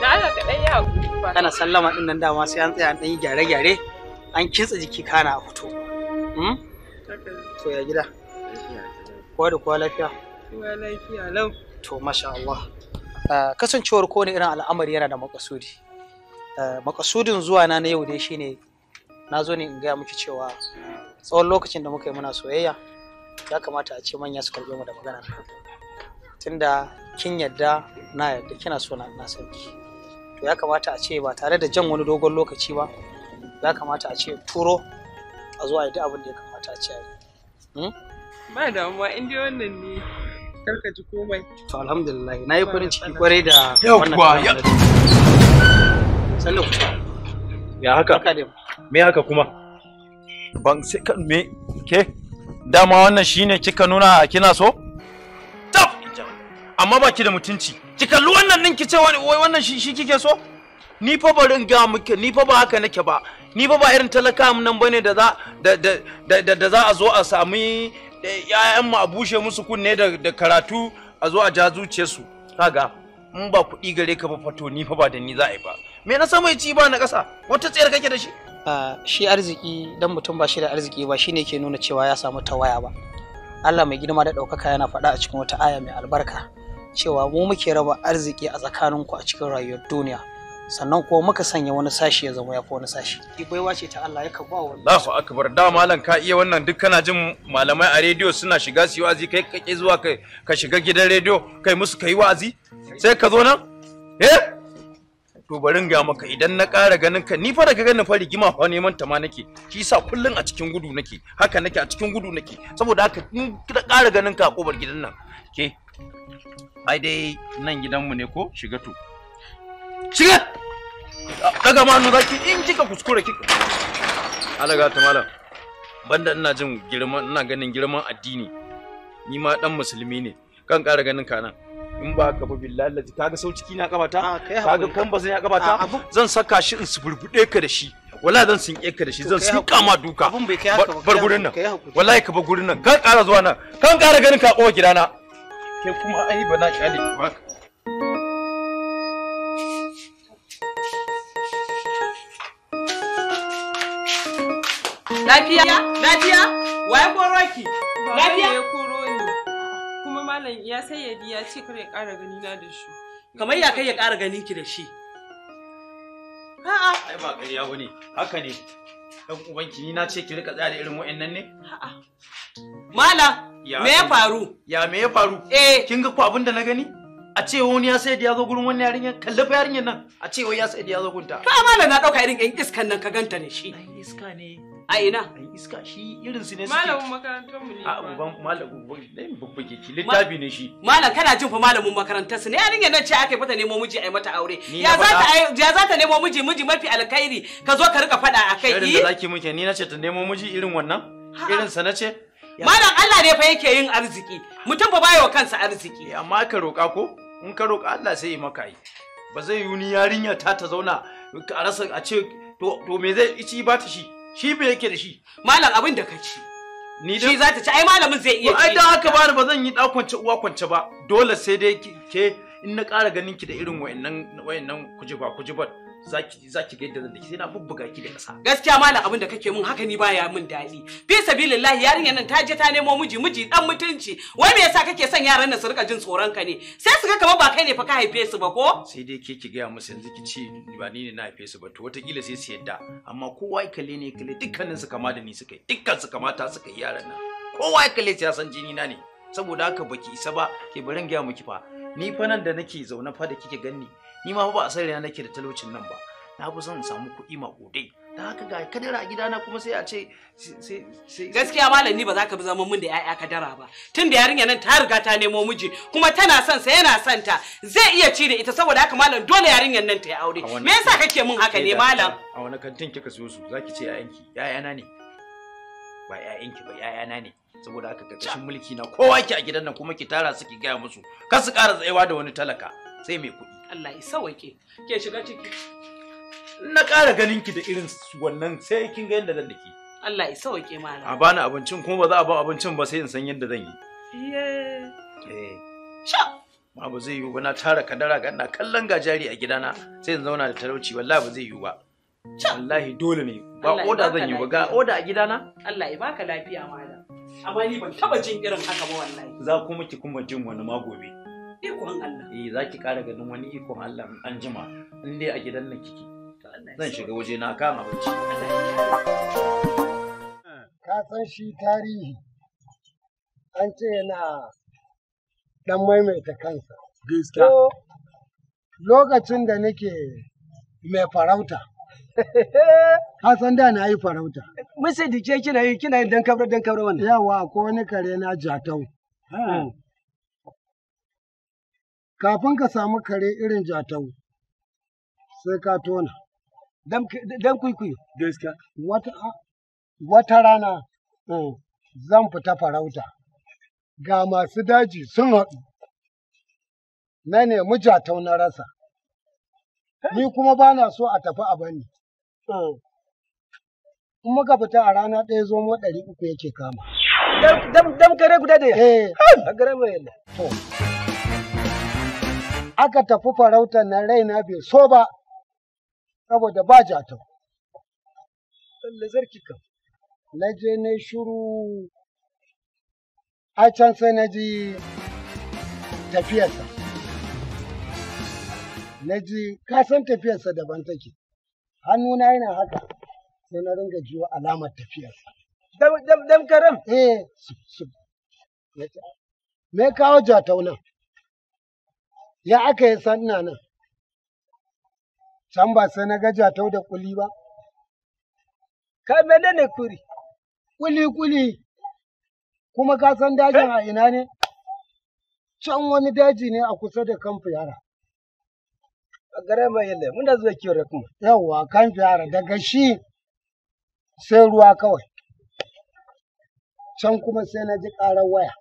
Da Allah ka ɗan yi hakuri Kana sallama ɗin nan dama sai an tsaya an ɗan yi gyare-gyare an kintsa jiki kana a fito. Hmm? To ya gida. Kowa da kowa lafiya. Kowa lafiya lau. To masha Allah. Ah, kasancewar kowane irin al'amari yana da makasudi. Ah, Makasudin zuwa na na yau dai shine na zo ne in gaya miki cewa tsawon lokacin da muka yi muna soyayya ya kamata a ce manya su karɓe mu da maganar tunda kin yadda na yadda kina so na na sarki to ya kamata a ce ba tare da jan wani dogon lokaci ba ya kamata a ce turo a zuwa yi duk abin da ya kamata a ce a yi hmm? ba damuwa in dai wannan ne karka ji komai to alhamdulillah na yi farin ciki kwarai da wannan sannan ya haka me haka kuma ban sai me ke dama wannan shine kika nuna kina so amma ba ki da mutunci ki kalli wannan ɗin ki ce wai wannan shi kike so ni fa ga muke ni fa ba haka nake ba ni fa ba irin talaka nan bane da da za a zo a sami eh, mu a bushe musu kunne da karatu a zo a jazuce su. kaga in ba kuɗi gare ka ba fato ni fa ba da ni za a yi ba me na sama ci ba na ƙasa wata tsayar kake da shi shi arziki dan mutum ba shi da arziki ba shine ke nuna cewa ya samu tawaya ba Allah mai girma da ɗaukaka yana faɗa a cikin wata aya mai albarka cewa mu muke raba arziki a tsakaninku a cikin rayuwar duniya sannan kuma muka sanya wani sashi ya zama ya fi wani sashi baiwa ce ta Allah ya ka ba wani Allahu akbar da malam ka iya wannan duk kana jin malamai a rediyo suna shiga su yi wa'azi kai kake zuwa kai ka shiga gidan rediyo kai musu kai wa'azi sai ka zo nan eh to bari ga maka idan na ƙara ganin ka ni fa daga ganin fa rigima fa neman ta ma nake shi yasa kullun a cikin gudu nake haka nake a cikin gudu nake saboda haka in ka ƙara ganin ka a kobar gidan nan ke ai dai nan gidanmu ne ko shiga to shiga daga manu zaki in kika kuskure kika alaga ta malam banda ina jin girman ina ganin girman addini ni ma dan musulmi ne kan ƙara ganin ka nan in ba ka ba billahi lati kaga sau ciki na kabata ah, kaga kan bazan ya kabata ah, zan saka shi in su burbude ka da shi wala zan sun ka da shi zan sun kama duka bar gurin nan wallahi ka bar gurin nan kan ƙara zuwa nan kan ƙara ganin ka kowa gidana ke kuma ai ba na kyale ba Lafiya? Lafiya? Waye koro ki? Lafiya? Waye koro ni. Kuma malam ya sai ya ce kar ya ƙara gani na da shi. Kamar ya kai ya ƙara ganin ki da shi. A'a. Ai ba ƙarya bane. Haka ne. Dan ubanki ni na ce ki rika tsaya da irin wa'annan ne? A'a. Malam, me ya faru ya me ya faru eh kin ga ko abin da na gani a ce wani ya sai da ya zo gurin wani yarinyar kalle fa yarinyar nan a ce wani ya sai da ya zo gunta to amma na dauka irin ɗan iskan nan ka ganta ne shi ai iska ne a ina ai iska shi irin su ne suke malamin makarantar mu ne a uban malamin uban babbage ki littafi ne shi malam kana jin fa malamin makarantar su ne yarinyar nan ce aka fata nemo miji yi mata aure ya za ta ya za ta nemo miji miji mafi alkhairi ka zo ka rika fada akai shirin da eh? zaki muke ni nace ta nemo miji irin wannan irin sa nace Malam Allah ne fa yake yin arziki. Mutum ba bayo kansa arziki. Eh, amma ka roƙa ko? In ka roƙa Allah sai ya maka yi. Ba zai yi ni yarinya ta ta zauna ka rasa a ce to me zai ci ba ta shi? Shi me yake da shi? Malam abin da ka ci. Ni shi za ta ci ai malamin zai iya Ai dan haka ba ba zan yi kwance uwa kwance ba. Dole sai dai ke in na ƙara ganin ki da irin wayannan wayannan kujiba kujibar. zaki zaki ga yadda zan dake sai na bubbuga ki da kasa gaskiya malam abin da kake mun haka ni baya mun dadi fi sabilillahi yarinyar nan ta je ta nemo miji miji dan mutunci wai me yasa kake son yaran nan su rika jin tsoron ka ne sai su ga kamar ba kai ne fa ka haife su ba ko sai dai ke ki gaya musu yanzu ki ce ba ni ne na haife su ba to kila sai su yadda amma kowa ya kalle ne kalle dukkanin su kama da ni suka yi dukkan su kamata suka yi yaran nan kowa ya kalle ya san jini na ne saboda haka baki isa ba ke barin gaya miki fa ni fa nan da nake zaune fa da kike ganni ni ma ba a san rana nake da talaucin nan ba na fi son in samu kuɗi maƙudai da haka ga kadara a gidana kuma sai a ce gaskiya malam ni ba za ka bi zaman mun da ya'ya kadara ba tun da yarinya nan ta riga ta nemo miji kuma tana son sa yana son ta zai iya ci da ita saboda haka malam dole yarinyar nan ta yi aure me yasa kake mun haka ne malam a wani kantin kika siyo su zaki ce ƴaƴanki 'ya'yana ne ba ya'yanki ba 'ya'yana ne saboda haka karkashin mulki na kowa ki a gidan nan kuma ki tara su ki gaya musu kar su ƙara tsayawa da wani talaka sai mai kuɗi Allah ya sawake ke shiga ciki na ƙara ganin ki da irin wannan sai kin ga yadda zan da ki Allah ya sawake mana. a bani abincin kuma ba za a ba abincin ba sai in san yadda zan yi eh sha ma ba zai yiwu ba na tara kadara ga ina kallon jari a gidana sai in zauna da talauci wallahi ba zai yiwu ba wallahi dole ne ba oda zan yi ba ga oda a gidana Allah ya baka lafiya malam amma ni ban taba jin irin haka ba wallahi za kuma ki kuma jin wani magobe Ikon Allah. Eh za ki ƙara ganin wani ikon Allah an jima in dai a gidan nan kiki. Zan shiga waje na kama bacci. Ka san shi tarihi an ce yana ɗan maimaita kansa. Gaskiya. Lokacin da nake mai farauta. Ka san da na yi farauta. Mun sai dike kina yi kina yin dan kabra dan kabra wannan. Yawa ko wani kare na jatau. Ah. Mm. kafin ka samu kare irin jatau sai ka tona dan kwikwiyo gaskiya wata wata rana eh, zan fita farauta ga masu daji sun haɗu na nemi jatau na rasa ni kuma ba na so a tafi a bani eh. in muka fita a rana ɗaya zo mu ɗari uku yake kama dam kare guda da eh. ya to aka tafi farautar na raina bai so ba saboda ba jatau. Lalle zarki Na je na shuru a can sai na ji tafiyarsa. Na ji kasan tafiyarsa daban take. Hannuna yana haka sai na ringa jiwa alamar tafiyarsa. Dam karam? Eh, me kawo jatau nan? ya aka yi sanna nan can ba sai na ga jatau da kuli ba ka mene ne kuri kuli kuli kuma ka san dajin a ina ne can wani daji ne a kusa da kan yara a gare mai yalla muna zuwa kiyo kuma yawwa kan yara daga shi sai ruwa kawai can kuma sai na ji ƙarar waya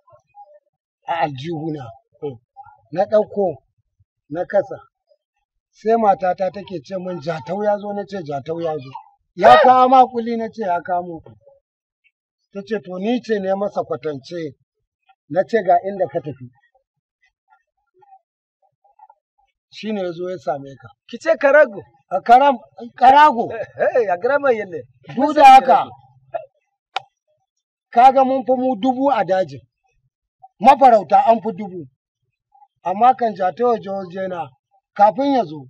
a aljihuna na ɗauko na kasa sai matata take ce min jatau ya zo na ce jatau ya zo ya kawo makuli na ce ya kawo ta ce to ni ce ne masa kwatance na ce ga inda ka tafi shi ne ya zo ya same ka ki ce karago a karam karago a garama yalle duk da haka kaga mun fi mu dubu a dajin mafarauta an fi dubu amma kan jatawa na kafin ya zo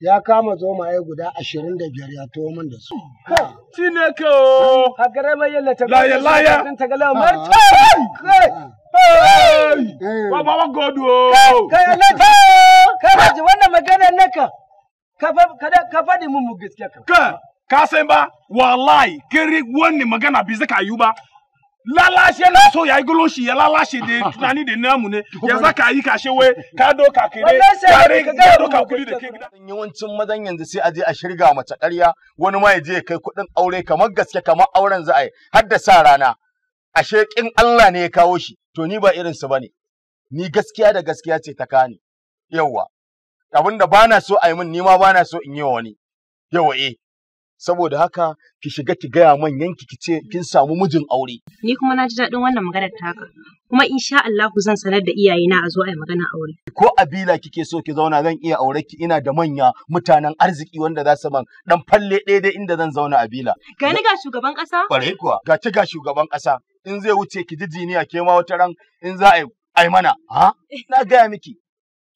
ya kama zomaye guda ashirin da biyar ya tuwo min da su. Shi ne ka o! A gare mai yalla ta gala laya. Ta gala marta. Ba ba wa godu o. Oh. Ka Kai alaka. Kai baji wannan magana naka. Ka Ka faɗi mun mu gaskiya ka. Ka sai ba wallahi kin ri wannan magana bi zaka yi ba. lalashe la so ya igolo shi ya lalashe da tunani da namu ne ya za yi ka shewe ka do ka kire ka do ka kuli da ke gida yawancin mazan yanzu sai a je a shirga mace ƙarya wani ma ya je kai kuɗin aure kamar gaske kamar auren za a yi har da sa rana ashe kin Allah ne ya kawo shi to ni ba irin su bane ni gaskiya da gaskiya ce ta kani yawa abinda bana so a yi min ni ma bana so in yi wa wani yawa eh saboda haka ki shiga ki gaya manyan ki ki ce kin samu mijin aure ni kuma na ji daɗin wannan maganar taka kuma insha Allah zan sanar da iyayena a zo a yi maganar aure ko abila kike so ki zauna zan iya aure ki ina da manya mutanen arziki wanda za su man dan falle ɗaya dai inda zan zauna abila ga ni ga shugaban ƙasa ƙwarai kuwa ga ci ga shugaban ƙasa in zai wuce ki ji jiniya ke ma wata ran in za a yi mana ha na gaya miki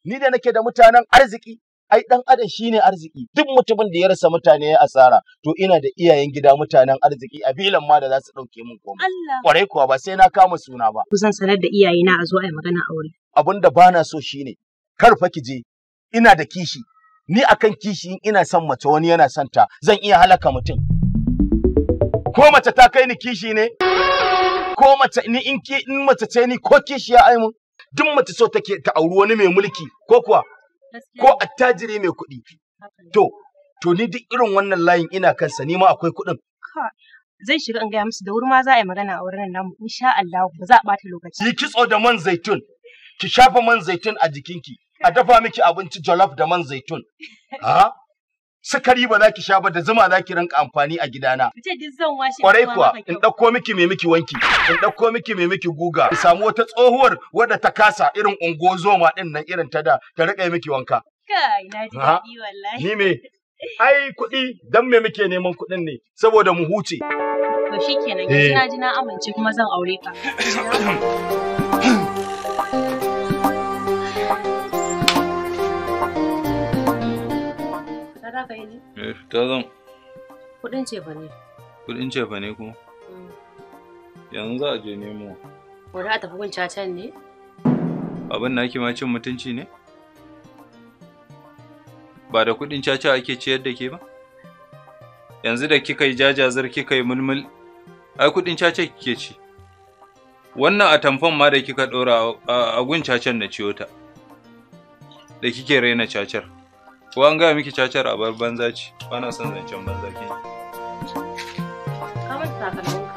ni da nake da mutanen arziki ai dan adam shine arziki duk mutumin da ya rasa mutane ya asara to ina da iyayen gida mutanen arziki a bilan ma da za su dauke min komai kwarai kuwa ba sai na kama suna ba kusan sanar da iyayena a zo ai magana aure abinda da bana so shine kar fa ki je ina da kishi ni akan kishi ina son mace wani yana son ta zan iya halaka mutum ko mace ta kai ni kishi ne ko mace ni in mace ce ni ko kishiya ai mun duk mace so take ta auri wani mai mulki ko kuwa ko attajiri mai kuɗi to to ni duk irin wannan layin ina kansa ni ma akwai kuɗin zai shiga in gaya musu da wuri ma za a yi magana a wurin namu insha Allah ba za a bata lokaci ki kitso da man zaitun ki shafa man zaitun a jikinki a dafa miki abinci jollof da man zaitun ha ah? sukari ba za ki sha ba da zuma za ki rinka amfani a gidana. Kace duk zan washe Kwarai kuwa in ɗauko miki mai miki wanki, in ɗauko miki mai miki guga, in samu wata tsohuwar wadda ta kasa irin ungo zoma ɗin nan irin ta da ta yi miki wanka. Kai na ji daɗi wallahi. Ni me? Ai kuɗi dan me muke neman kuɗin ne saboda mu huce. To shikenan yanzu eh. na ji na amince kuma zan aure ka. za ka yi ne? Eh, ta zan. Kuɗin cefa ne. Kuɗin cefa ne kuma? Mm. Yanzu za a je nemo. Wani a tafi kun cacan ne? Abin na ma cin mutunci ne? Ba da kuɗin caca ake ciyar da ke ba? Yanzu da kika yi jajazar kika yi mulmul, ai kuɗin caca kike ci. Wannan atamfan ma da kika ɗora a gun cacan na ciyo ta, da kike raina cacar. ko an gaya miki cacar a bar banza ce ba son zancen banza ke. Kamar sakamakon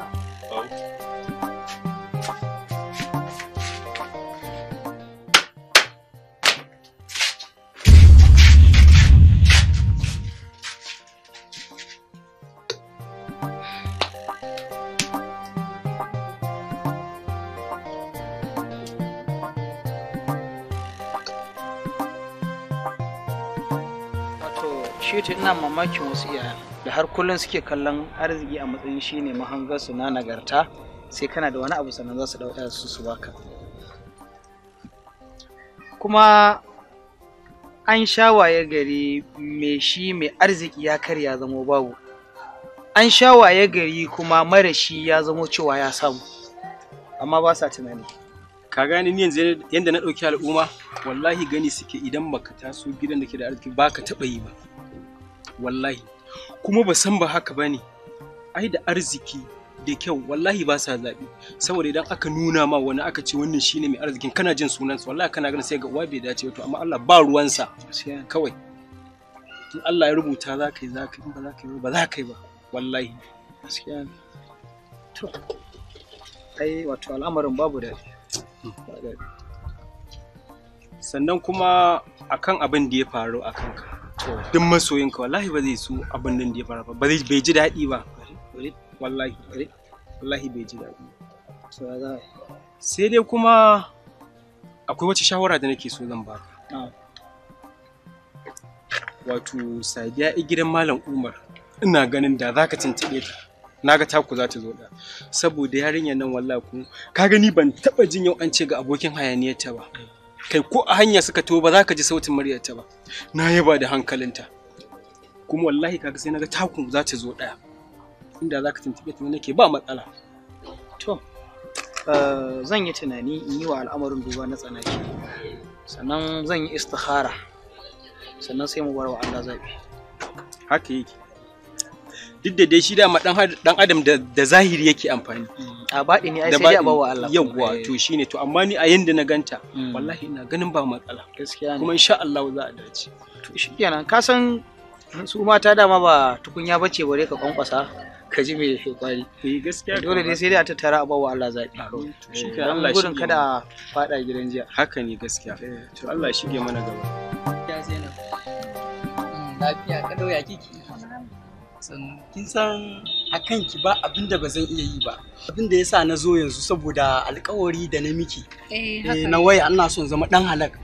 ina mamakin wasu iyayen da har kullum suke kallon arziki a matsayin shine mahangarsu na nagarta sai kana da wani abu sannan za su ɗauka su su baka kuma an shawaye gari mai shi mai arziki ya karya zamo babu an shawaye gari kuma mara shi ya zamo cewa ya samu amma ba sa tunani ka gane ni yanzu yadda na ɗauki al'umma wallahi gani suke idan baka taso gidan da ke da arziki baka taɓa yi ba wallahi kuma ba san ba haka bane ai da arziki da kyau wallahi ba sa zaɓi saboda idan aka nuna ma wani aka ce wannan shine mai arzikin kana jin sunansa wallahi kana ganin sai ga uwa bai dace to amma Allah ba ruwansa kawai in Allah ya rubuta za ka yi za ka yi ba za ka yi ba za ka yi ba wallahi gaskiya to ai wato al'amarin babu da sannan kuma akan abin da ya faru akan ka. duk masoyinka wallahi ba zai so abin nan da ya fara ba bai ji daɗi ba wallahi wallahi bai ji daɗi sai dai kuma akwai wace shawara da nake so zan ka wato sadiya i gidan malam umar ina ganin da zaka tuntuɓe ta naga taku za ta zo da saboda yarinyar nan wallahi ku ka gani ban taba jin yau an ce ga abokin hayaniyar ta ba kai ko a hanya suka to ba za ka ji sautin muryarta ba na yaba da hankalinta kuma wallahi kaga sai naga takun za ta zo daya inda za ka tuntube ta nake ba matsala to eh, zan yi tunani in yi wa al'amarin duba na tsanaki sannan zan yi istikhara sannan sai mu bar wa Allah zabi haka yake duk da dai shi da dan adam da zahiri yake amfani a baɗi ne ai sai dai a bawa Allah yawwa eh. to shine to amma ni a yanda na ganta mm. wallahi ina ganin ba matsala gaskiya ne kuma insha Allah za a dace to kenan ka san su mata dama ba tukunya bace bare ka kwankwasa ka ji me kwari eh, gaskiya dole ne sai dai a tattara a bawa Allah zabi eh, shikenan Allah gurin kada fada gidan jiya haka ne gaskiya to Allah shige mana gaba hmm, lafiya ka dauya kiki kin san a kan ki ba abin da ba zan iya yi ba abin da ya sa na zo yanzu saboda alkawari da na miki eh, eh na waya ana son zama dan halak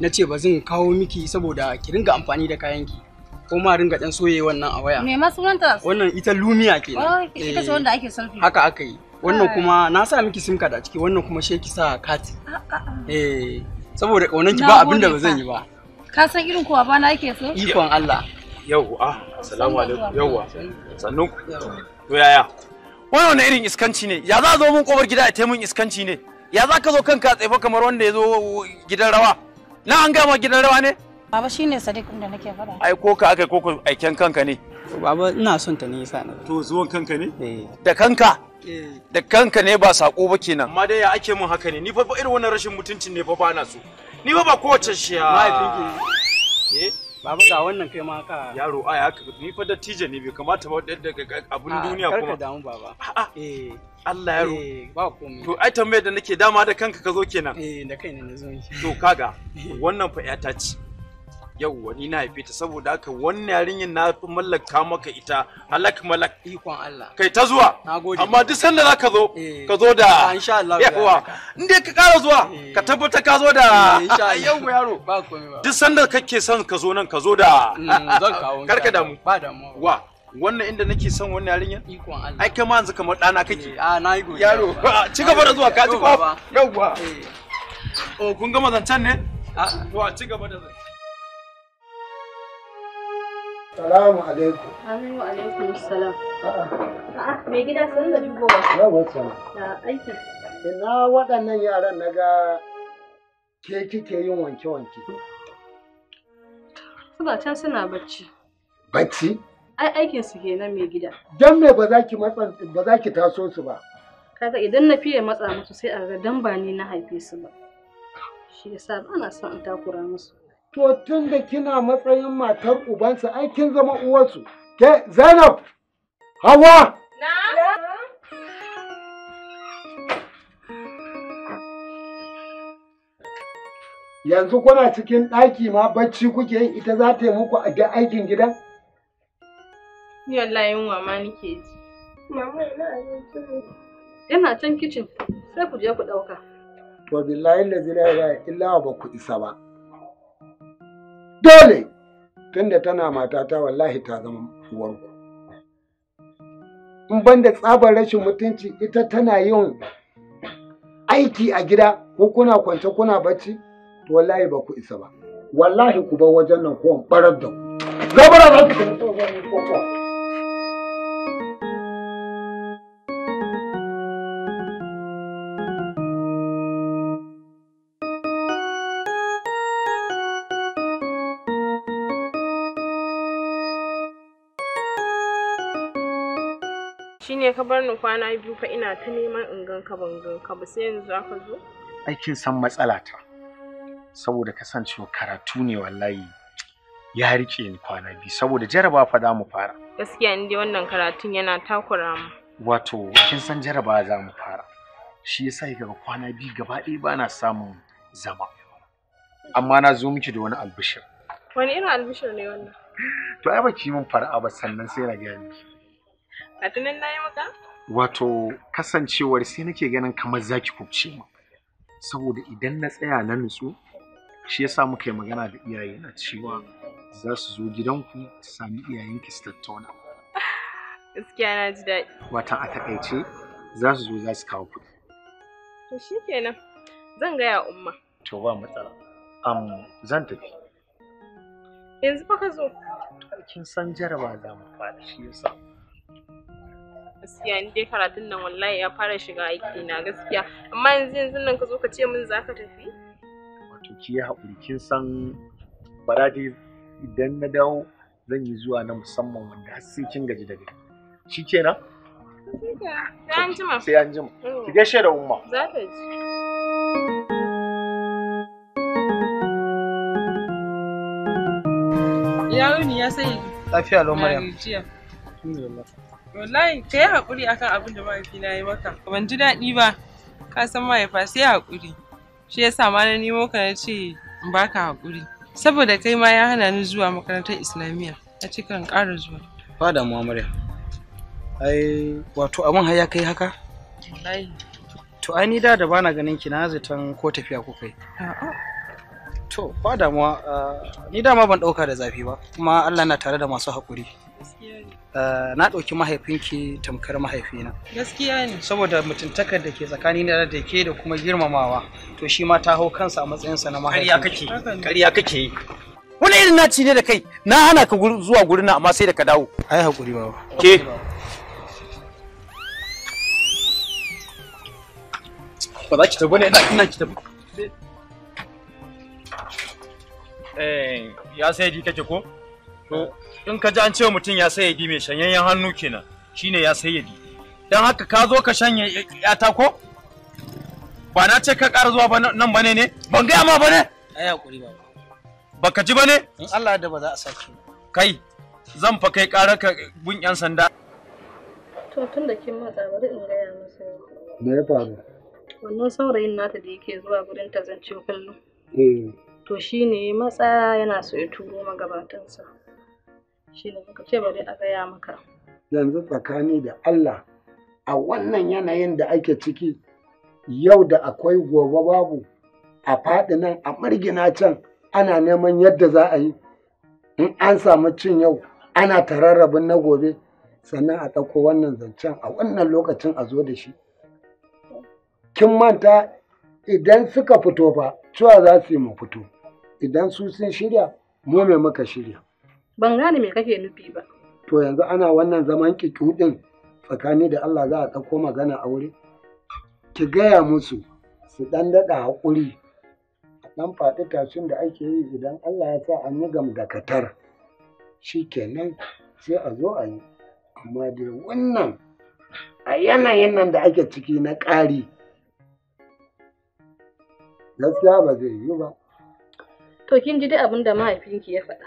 na ce ba zan kawo miki saboda ki ringa amfani da kayanki ko ma ringa dan soye wannan a waya me ma sunanta wannan ita lumiya kenan oh, ita ce eh, wanda ake selfie haka aka yi wannan ah. kuma na sa miki sim card a ciki wannan kuma she ki sa kati ah, ah, eh saboda kaunan ki ba abin da ba zan yi ba ka san irin kowa ba na yake so ikon Allah Yau, yawwa assalamu alaikum yawwa sannu to yaya wai wani irin iskanci ne ya za zo mun kofar gida ya a taimun iskanci ne ya za ka zo kanka tsefa kamar wanda ya zo gidan rawa na an gama gidan rawa ne Baba shine ne Sadiq da nake faɗa. Ai ko ka aka ko aiken kanka ne. Baba ina son ta nisa ne. To zuwan kanka ne? Eh. Da kanka. Eh. Da kanka ne ba sako ba kenan. Amma dai ya ake mun haka ne ni fa irin wannan rashin mutuncin ne fa ba na so. Ni fa ba kowace shi ya. Eh? Baba ga wannan kai ma ka. Yaro ai haka ni fa dattijo ne bai kamata ba da abun ah, duniya kuma. Karka damu baba. Ah, ah. Eh. Allah yaro. Eh ba komai. To ai tambayar da nake dama da kanka ka zo kenan. Eh da kai ne na zo. To kaga wannan fa ya ce. yauwa ni na haife ta saboda haka wannan yarinyar na fi mallaka maka ita halak malak ikon Allah kai ta zuwa amma duk sanda za ka zo eh. ka zo da ah, insha Allah yauwa in dai ka kara zuwa ka eh. tabbata ka zo da eh, yauwa yaro ba komai ba duk sanda kake son ka zo nan ka zo da mm, zan kawo karka damu ba da mu wa wannan inda nake son wannan yarinyar ikon Allah ai kai ma yanzu kamar dana kake a ah, na yi godiya yaro ah, ci gaba da zuwa ka ji ko yauwa oh kun gama zancan ne a ci gaba da zancan Salamu alaikum. Aminu alaikum salam. A'a. Me gida sun da shigowa. Yawa salam. Da aiki. Ina waɗannan yaran na ga ke kike yin wanke-wanke. Suna can suna bacci. Bacci? Ai aikin su nan mai gida. Dan me ba za ki matsa ba za ki taso su ba. Kaga idan na fiye matsa musu sai a ga dan ba ni na haife su ba. Shi yasa ba na son in takura musu. To tun da kina matsayin matar ubansa ai kin zama uwarsu. Ke Zainab! Hawa! Na? Yanzu kuna cikin ɗaki ma bacci kuke yin ita za ta yi muku a ga aikin gidan? Ni wallahi yunwa ma nake ji. Mama ina Yana can kicin sai ku je ku ɗauka. To billahi lazira ya illa ba ku isa ba. dole tunda tana matata wallahi ta zama uwarku in banda tsabar rashin mutunci ita tana yin aiki a gida ko kuna kwance kuna bacci to wallahi ba ku isa ba wallahi ku bar wajen nan ko barar da ku gabara za ku shine ka bar ni kwana biyu fa ina ta neman in gan ka ban gan ka ba sai yanzu ka zo aikin san matsala ta saboda kasancewa karatu ne wallahi ya rike ni kwana biyu saboda jaraba fa za mu fara gaskiya ni dai wannan karatun yana takura mu wato kin san jaraba za mu fara shi yasa kika ga kwana biyu gaba ɗaya ba na samun zama amma na zo miki da wani albishir wani irin albishir ne wannan to ai baki mun fara'a ba sannan sai na gaya miki A tunan na yi maka? Wato kasancewar sai nake ganin kamar zaki kubce mu. Saboda idan na tsaya na nutsu shi yasa muka yi magana da iyaye na cewa za su zo gidanku sami iyayenki su tattauna. Gaskiya na ji daɗi. Watan a takaice za su zo za su kawo kuɗi. To shi kenan zan gaya umma. To ba matsala. Am zan tafi. Yanzu fa ka zo. Kin san jaraba da mu fara shi yasa. gaskiya ni dai karatun nan wallahi ya fara shiga aiki na gaskiya amma yanzu yanzu nan ka zo ka ce min za ka tafi wato ki ya haƙuri kin san baradi idan na dawo zan yi zuwa na musamman wanda har sai kin gaji da gari shi kenan sai an jima sai an jima mm. ki gaishe da umma za ta ji Yawuni ya sai lafiya lau Maryam. Alhamdulillah. wallahi ka yi haƙuri akan abin da mahaifina ya yi maka ban ji daɗi ba ka san mahaifa sai haƙuri shi ya sa ma na nemo ka na ce in baka haƙuri saboda kai ma ya hana ni zuwa makarantar islamiyya a cikin ƙara zuwa ba da mu ai wato abin har ya kai haka wallahi to ai ni da da bana ganin ki na zaton ko tafiya ko kai. a'a To, ba damuwa, eh, ni dama ban ɗauka da zafi ba, kuma Allah na tare da masu haƙuri. Eh, na ɗauki mahaifinki tamkar mahaifina. Gaskiya ne. Saboda mutuntakar da ke tsakani na da ke da kuma girmamawa, to shi ma ta hau kansa a matsayinsa na mahaifi. Ƙarya kake, kariya kake yi. Wani irin na ne da kai, na hana ka zuwa gurin amma sai da ka dawo. Ai haƙuri ba. Ke. Ba za ki tafi ne, ina ki tafi. Eh, ya sayyadi kake ko to in ka ji an ce mutum ya sayyadi mai shanyayyen hannu kenan shine ya sayyadi dan haka ka zo ka shanye ta ko ba na ce ka ƙara zuwa ba nan bane ne ban gaya ma bane ai hakuri ba baka ji bane in Allah da ba za a saki kai zan fa kai ƙara ka gun yan sanda to tun da kin matsa bari in gaya masa me ya faru wannan saurayin nata da yake zuwa gurin ta zance kullum eh to shi ne ya matsa yana so ya turo magabatansa shi ne muka ce bari a gaya maka yanzu tsakani da Allah a wannan yanayin da ake ciki yau da akwai gobe babu a faɗi nan a margina can ana neman yadda za a yi in an samu cin yau ana tararrabin na gobe sannan a ɗauko wannan zancen a wannan lokacin a zo da shi kin manta idan suka fito ba, cewa za su yi mu fito idan su sun shirya mu me muka shirya ban gane me kake nufi ba to yanzu ana wannan zaman kikudin tsakani da Allah za a ɗauko magana aure ki gaya musu su ɗan daɗa haƙuri ɗan faɗi tashin da ake yi idan Allah ya sa an yi gamdakatar shi kenan sai a zo a yi amma dai wannan a yanayin nan da ake ciki na ƙari gaskiya ba zai yi ba To kin ji duk abin da mahaifinki ya faɗa.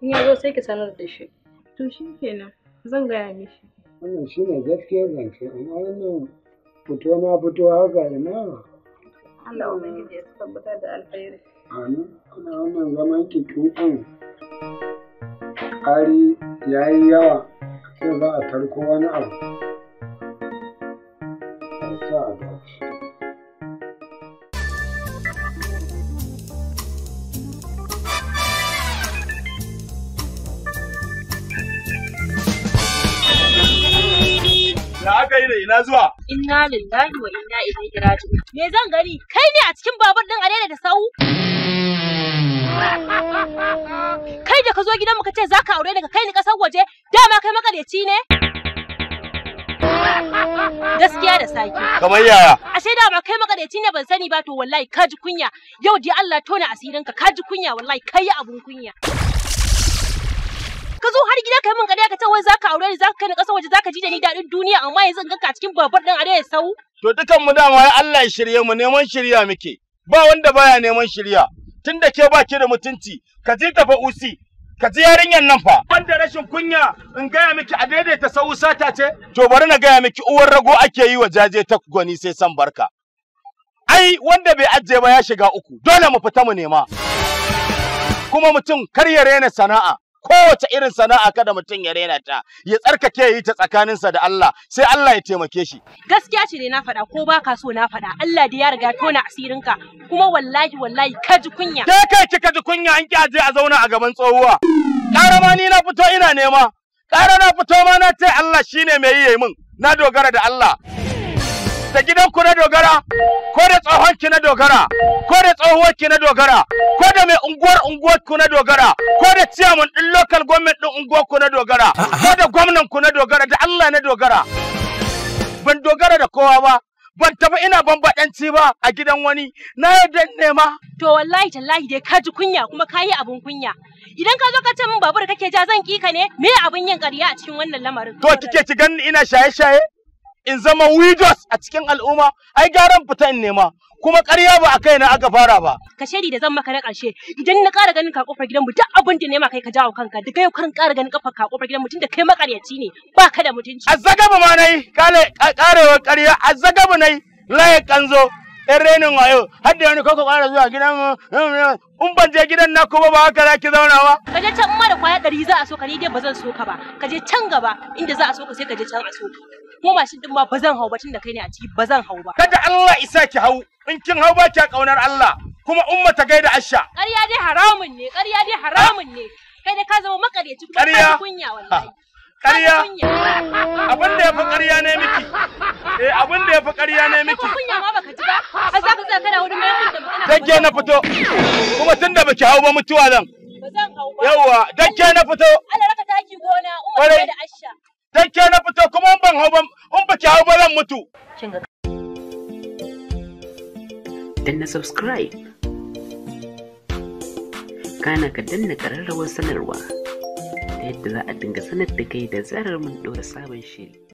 In ya zo sai ki sanar da shi. To shi kenan zan gaya mishi. Wannan shi ne gaskiyar zance amma wannan fito na fito haka ina. Allah Ubangiji ya tabbatar da alheri. Amin. Ana wannan zaman ki tuƙan ƙari ya yi yawa sai za a tarko wani abu. zuwa inna lillahi wa inna ilaihi raji'un me zan gani kai ne a cikin babur din alele da sau kai da ka zo gidan ka ce za ka aure daga kai ni kasar waje dama kai makareci ne gaskiya da sake kamar yaya ashe dama kai makareci ne ban sani ba to wallahi ka ji kunya yau dai Allah tona asirinka ka ji kunya wallahi kai abun kunya ka zo har gida kai min gada ka ce wai zaka aure ni zaka kai ni kasar waje zaka ji da ni dadin duniya amma yanzu in ganka cikin babur din are ya sau to dukan mu dama ya Allah ya shirye mu neman shirya muke ba wanda baya neman shirya tunda ke ba ki da mutunci ka ji ta fa usi ka ji yarinyar nan fa Wanda rashin kunya in gaya miki a daidaita sau sata ce to bari na gaya miki uwar rago ake yi wa jaje ta gwani sai san barka ai wanda bai ajiye ba ya shiga uku dole mu fita mu nema kuma mutum kar ya rena sana'a kowace irin sana'a kada mutum ya rena ta ya tsarkake yi ta tsakaninsa da Allah sai Allah ya taimake shi gaskiya ce ne na faɗa ko ba ka so na faɗa Allah da ya riga tona asirinka kuma wallahi wallahi ka ji kunya ke kai kika ji kunya an ki a zauna a gaban tsohuwa karama ni na fito ina nema ƙara na fito ma na ce Allah shine mai yi min na dogara da Allah da gidanku na dogara ko da tsohonki na dogara ko da tsohuwarki na dogara ko da mai unguwar unguwarku na dogara ko da ciyaman ɗin local government ɗin unguwarku na dogara ko da gwamnanku na dogara da Allah na dogara ban dogara da kowa ba ban tafi ina bambaɗanci ba a gidan wani na yadda nema. To wallahi tallahi dai ka ji kunya kuma ka yi abin kunya. Idan ka zo ka ce min babur kake ja zan kika ne me abun yin ƙarya a cikin wannan lamarin. To kike ki ganni ina shaye-shaye? in zama widows a cikin al'umma ai gyaran fita in nema kuma ƙarya ba a kai na aka fara ba ka shari da zan maka na ƙarshe idan na ƙara ganin ka kofar gidan mu duk abin da nema kai ka jawo kanka da kai kan ƙara ganin kafar ka kofar gidan mutum da kai makaryaci ne ba ka da mutunci azzagaba ma nayi kale ƙarewa ƙarya ba nayi laye kanzo ɗan renin wayo har da wani koko ƙara zuwa gidan mu mm, mm, in ban je gidan na kuma ba haka za ki zauna ba. ka je can ma da kwaya ɗari za a so ka ni dai ba zan so ka ba ka je can gaba inda za a so ka sai ka je can a so ko mashin din ma ba zan hau ba tunda kai ne a ciki ba zan hau ba kada Allah isa ki hau in kin hau ba ki kaunar Allah kuma umma ta gaida asha ƙarya dai haramun ne ƙarya dai haramun ne kai dai ka zama makareci kuma ka kunya wallahi ƙarya abin da ya fi ƙarya ne miki eh abin da ya fi ƙarya ne miki kunya ma baka ji ba har za ka tsaya kana wurin mai da magana dage na fito kuma tunda baki hau ba mutuwa zan ba zan hau ba yawa dage na fito Allah raka taki gona umma da asha Dan ke na fito kuma in ban hau ba in ba ki hau ba zan mutu. Danna subscribe. Kana ka danna ƙararrawar sanarwa ta yadda za a dinga sanar da kai da zarar mun ɗora sabon shiri.